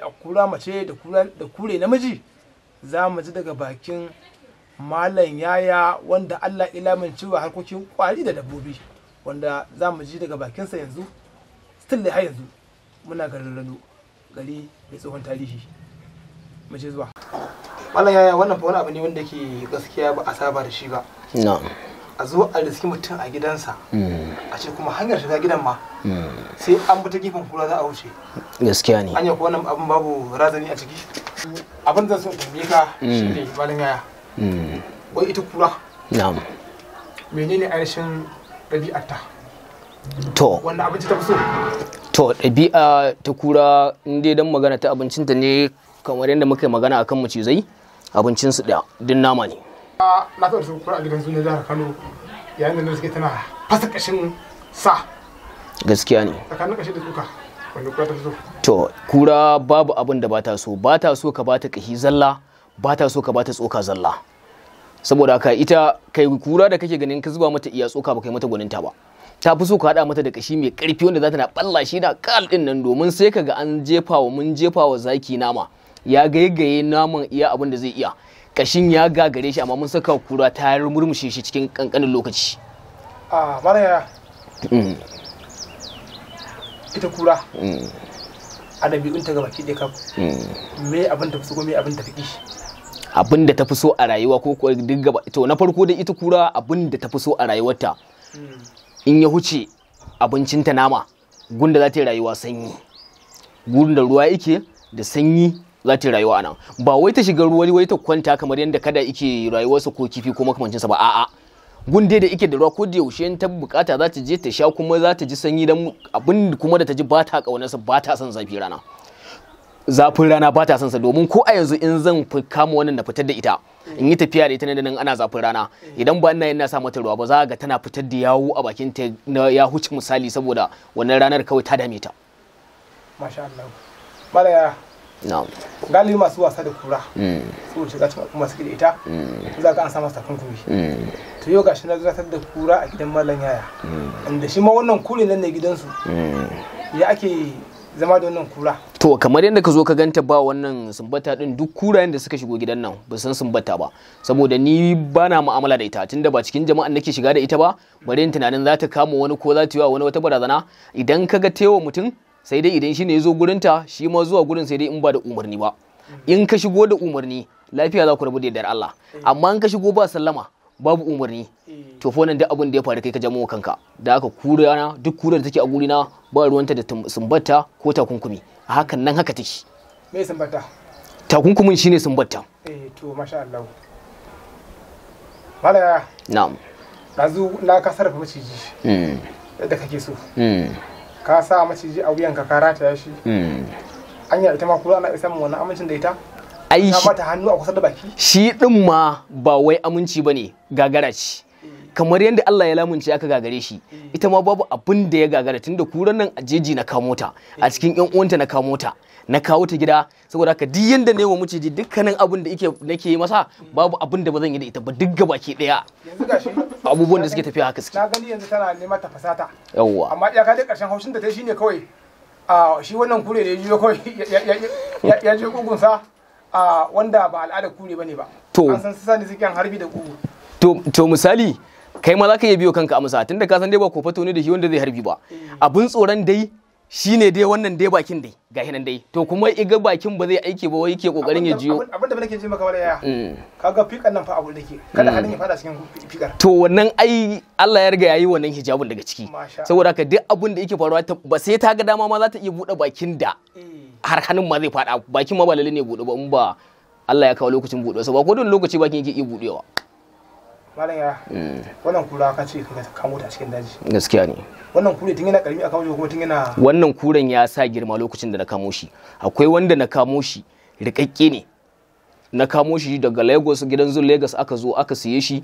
a kura mace da kure namiji za mu ji daga bakin malam yaya wanda Allah ilamin cewa harkokin kwari da dabbobi wanda za mu ji daga bakinsa yanzu still har yanzu muna garin gari mai tsohon tarihi mu zuwa malam yaya wannan fa wani abu ne wanda ke gaskiya ba a saba da shi ba na'am a zo a riski mutum a gidansa hmm. a ce kuma hanyar shiga gidan ma hmm. sai an bi ta gefen kura za a wuce gaskiya ne anya ko wannan abin babu razani a ciki abin zan sun tambaye ka hmm. ne balin yaya wai ita kura na'am menene ainihin ta to wanda abinci ta fi so to ɗabi'a ta kura in dai dan magana ta abincinta ne kamar yadda muka yi magana akan macizai abincinsu ɗaya din nama ne na taɓa su a gidan suna jihar kano yayin da suke tana fasa kashin sa gaskiya ne tsakanin kashi da tsuka wanda kura ta so to kura babu abin da ba ta so ba ta so ka bata kashi zalla ba ta so ka bata tsoka zalla saboda haka ita kai kura da kake ganin ka zuba mata iya tsoka ba kai mata gwaninta ba ta fi so ka haɗa mata da kashi mai ƙarfi wanda za ta na ɓalla shi na kal ɗin nan domin sai kaga an jefa wa mun jefa wa zaki nama ya gaigaye naman iya abin da zai iya kashin ya gagare shi amma mun saka kura ta murmushe shi cikin kankanin lokaci a maraya mm. ita kura mm. a ɗabi'unta ta gabaki ɗaya kaku, mm. me abin ta fi so me abin ta fi abin da ta fi so a rayuwa ko duk gaba to na farko da ita kura abin da ta fi so a rayuwarta in ya huce abincinta nama gunda za ta yi rayuwa sanyi gunda ruwa yake da sanyi za ta rayuwa anan ba wai ta shiga ruwa wai ta kwanta kamar yadda kada ike rayuwarsa ko kifi ko makamancinsa ba a'a gunde da ike da ruwa ko da yaushe ta bukata za ta je ta sha kuma za ta ji sanyi dan abin kuma da ta ji ba ta kaunarsa ba ta son zafi rana zafin rana ba ta son sa domin ko a yanzu in zan kama wannan na fitar da ita in yi tafiya da ita nan da nan ana zafin rana idan ba ina yana sa mata ruwa ba za ga tana fitar da yawo a bakin ta ya huce misali saboda wannan ranar kawai ta dame ta masha Allah galibi masu wasa da kura mm. saboda shiga cikin al'umma suke da ita mm. za ka an sa masa takunkumi mm. to yau gashi na gabatar da kura a gidan mallan yaya inda shi ma wannan kuli nan ne gidansu ya ake zama da wannan kura to kamar yadda ka zo ka ganta ba wannan sumbata din duk kurayen da suka shigo gidan nan ba san sumbata ba saboda ni ba na mu'amala da ita tunda ba cikin jama'an nake shiga da ita ba bari tunanin za ta kama wani ko za ta yi wa wani wata barazana idan ka ga tewa mutum sai dai idan shi ne ya zo gurinta shi ma zuwa gurin sai dai in ba da umarni ba in ka shigo da umarni lafiya za ku rabu da yardar Allah amma in ka shigo ba sallama babu umarni eh. to fa wannan duk abin da ya faru kai ka jamo kanka da haka kurana duk kurar da take a gurina ba ruwanta da sumbata ko takunkumi a hakan nan haka take me sumbata takunkumin shine sumbata eh to masha Allah malaya na'am dazu na ka sarrafa maciji hmm. da kake so hmm. ka sa maciji a wuyan ka ya shi hmm. anya ita ma kula ana isa mun wannan amincin da ita ai shi mata hannu a kusa da baki shi din ma ba wai aminci bane gagara ce kamar yadda Allah ya lamunce aka gagare shi ita ma babu abin da ya gagara tunda kuran nan a jeji na kamota a cikin yan uwanta na kamota na kawo ta gida saboda haka duk yanda ne wa miciji dukkanin abin da yake nake yi masa babu abin da ba zan yi da ita ba duk gaba ke daya yanzu gashi abubuwan da suke tafiya haka suke na gani yanzu tana neman ta fasata yawwa amma iyaka dai karshen haushin da ta shine kawai a shi wannan kure da ya jiyo kawai ya je kugunsa a wanda ba al'ada kure bane ba to an san sani zikin harbi da kugu to to misali kai ma za ka iya biyo kanka a musa tunda ka san dai ba kofato ne da shi wanda zai harbi ba eh. abun tsoron dai shi ne dai wannan dai bakin dai ga nan dai to kuma iga bakin ba zai aiki ba wai ke kokarin ya jiyo abin da nake ji maka wala Ka mm. kaga fikan nan fa abu dake kada mm. hadin ya fada cikin fikar to wannan ai Allah ya riga yayi wannan hijabun daga ciki saboda haka duk abin da yake faruwa ba sai ta ga dama ma za ta iya bude bakin da eh. har hannun ma zai fada bakin ma ba lalle ne bude ba in ba Allah ya kawo lokacin budewa ba ko don lokaci bakin yake iya budewa malam ya mm. wannan kura ka ce ka kamo ta cikin daji gaskiya ne wannan kure tun yana karami a kamo shi kuma tun yana wannan kuren ya sa girma lokacin da na kamo shi akwai wanda na kamo shi rikakke ne na kamo shi daga Lagos gidan zuwa Lagos aka zo aka siye shi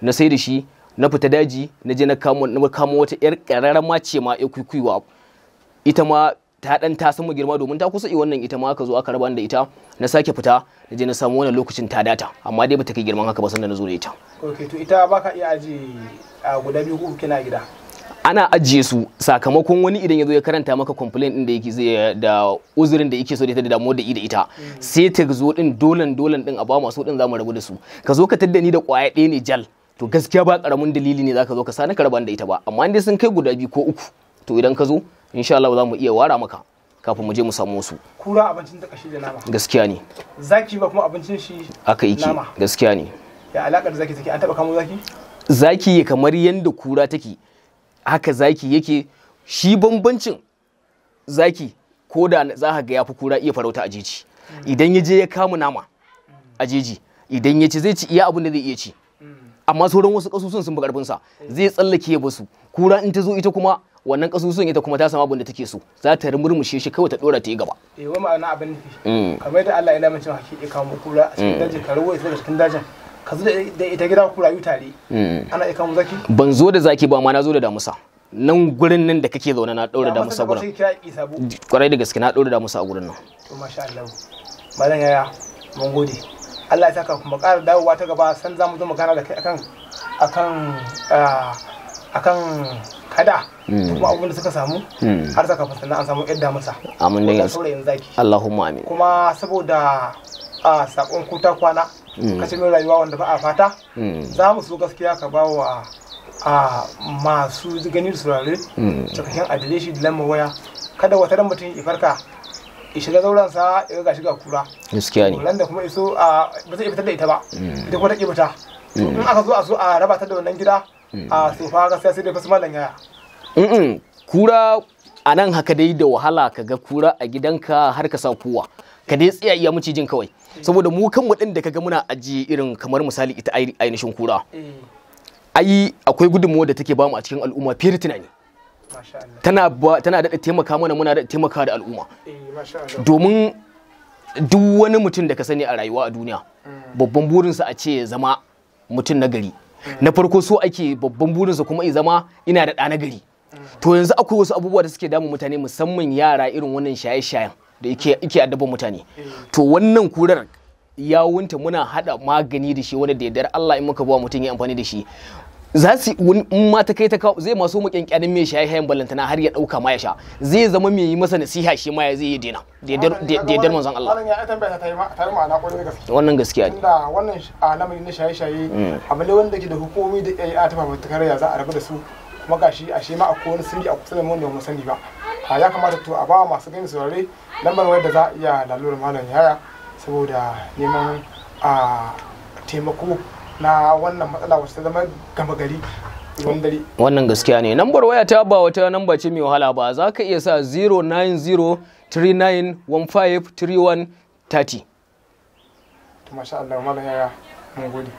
na sai da shi na fita daji na je na kamo na kamo wata yar kararama ce ma ya kwikwiwa ita ma ta dan ta samu girma domin ta kusa wannan ita ma aka zo aka raba da ita na sake fita na je na samu wannan lokacin ta data amma dai bata kai girman haka ba sanda na zo da ita okay to ita baka iya aji a ah, guda biyu ko kina gida ana ajiye su sakamakon wani idan ya zo ya karanta maka complaint din da yake zai da uzurin da yake so da ita da damuwar da da ita mm. sai ta zo din dolan dolan din a ba masu din zamu rabu da su ka zo ka tadda ni da kwaya ɗaya ne jal to gaskiya ba karamin dalili ne zaka zo ka sa na karban da ita ba amma dai sun kai guda biyu ko uku to idan ka zo insha Allah za mu iya wara maka kafin mu je mu samu wasu kura abincin da kashi da nama gaskiya ne zaki ba kuma abincin shi aka yi gaskiya ne ya alakar zaki take an taba kamo zaki zaki kamar yanda kura take haka zaki yake shi bambancin zaki ko da za ka ga yafi fi kura iya farauta a jeji idan ya je ya kama nama a jeji idan ya ci zai ci iya abin da zai iya ci mm. amma sauran wasu kasusun sun fi karfinsa zai tsallake ya basu kura in ta zo ita kuma wannan kasusun ita kuma ta samu abin da take so za ta murmushe shi kawai ta dora ta yi gaba eh wai ma'ana abin nufi mm. kamar da Allah ya lamunce hakiki mu kura a cikin mm. dajin ka rubuta daga cikin dajin ka zo da ita gida ku rayu tare mm. ana ika mu zaki ban zo da zaki ba ma na zo da damusa nan gurin nan da kake zaune na dora damusa gurin kwarai da gaske na dora damusa a gurin nan to masha Allah malam yaya mun gode Allah ya saka kuma ƙara dawowa ta gaba san za mu zo magana da kai akan akan ah, akan kada kuma abubuwan da suka samu hmm. har saka fasana an samu yadda masa amin da saurayin zaki Allahumma amin kuma saboda a sakon kuta kwana hmm. kashin rayuwa wanda ba a fata hmm. za mu so gaskiya ka ba wa a masu ganin surare cikakken adileshi da lamar waya kada wata ran mutum ya farka ya shiga zauren sa ya ga shiga kura gaskiya ne wanda kuma iso a ba zai fitar da ita ba ita kuma ta ki fita in aka zo a so a raba ta da wannan gida a sofa gaskiya sai dai fasu malan yaya kura a nan haka dai da wahala ka ga kura a gidanka har ka sa kowa ka dai tsaya iya macijin kawai saboda mu kan waɗanda ka ga muna ajiye irin kamar misali ita ainihin kura mm. ai akwai gudunmuwa da take bamu a cikin al'umma fiye da tunani tana tana da taimaka mana muna da taimaka da al'umma eh, domin duk wani mutum da ka sani a rayuwa a duniya mm. babban burinsa a ce ya zama mutum na gari mm. na farko so ake babban burinsa kuma ya zama ina da ɗa na gari to yanzu akwai wasu abubuwa da suke damu mutane musamman yara irin wannan shaye-shayen da yake addaban mutane to wannan kurar yawunta muna hada magani da shi wanda da yardar Allah in muka ba mutum ya amfani da shi za su in ma ta kai ta kawo zai maso makyankyanin mai shaye-shayen ballantana har ya dauka ma ya sha zai zama mai yi masa nasiha shi ma ya zai yi dena da yardar manzon Allah wannan ya tambaya ta yi ma'ana gaskiya wannan gaskiya ne wannan alamari na shaye-shaye mm. abu da wanda ke da hukumi da ya ta fafutukar ya za a rabu da su kuma shi a ma akwai wani sirri a kusa da mu wanda mu sani ba a ah, ya kamata to a ba masu gani saurare lambar wayar da za a iya lalurar malam yaya saboda neman a ah, taimako na wannan matsala wacce ta zama gama gari wannan gaskiya ne lambar waya ta ba wata lamba ce mai wahala ba za ka iya sa 09039153130 masha Allah malam yaya mun gode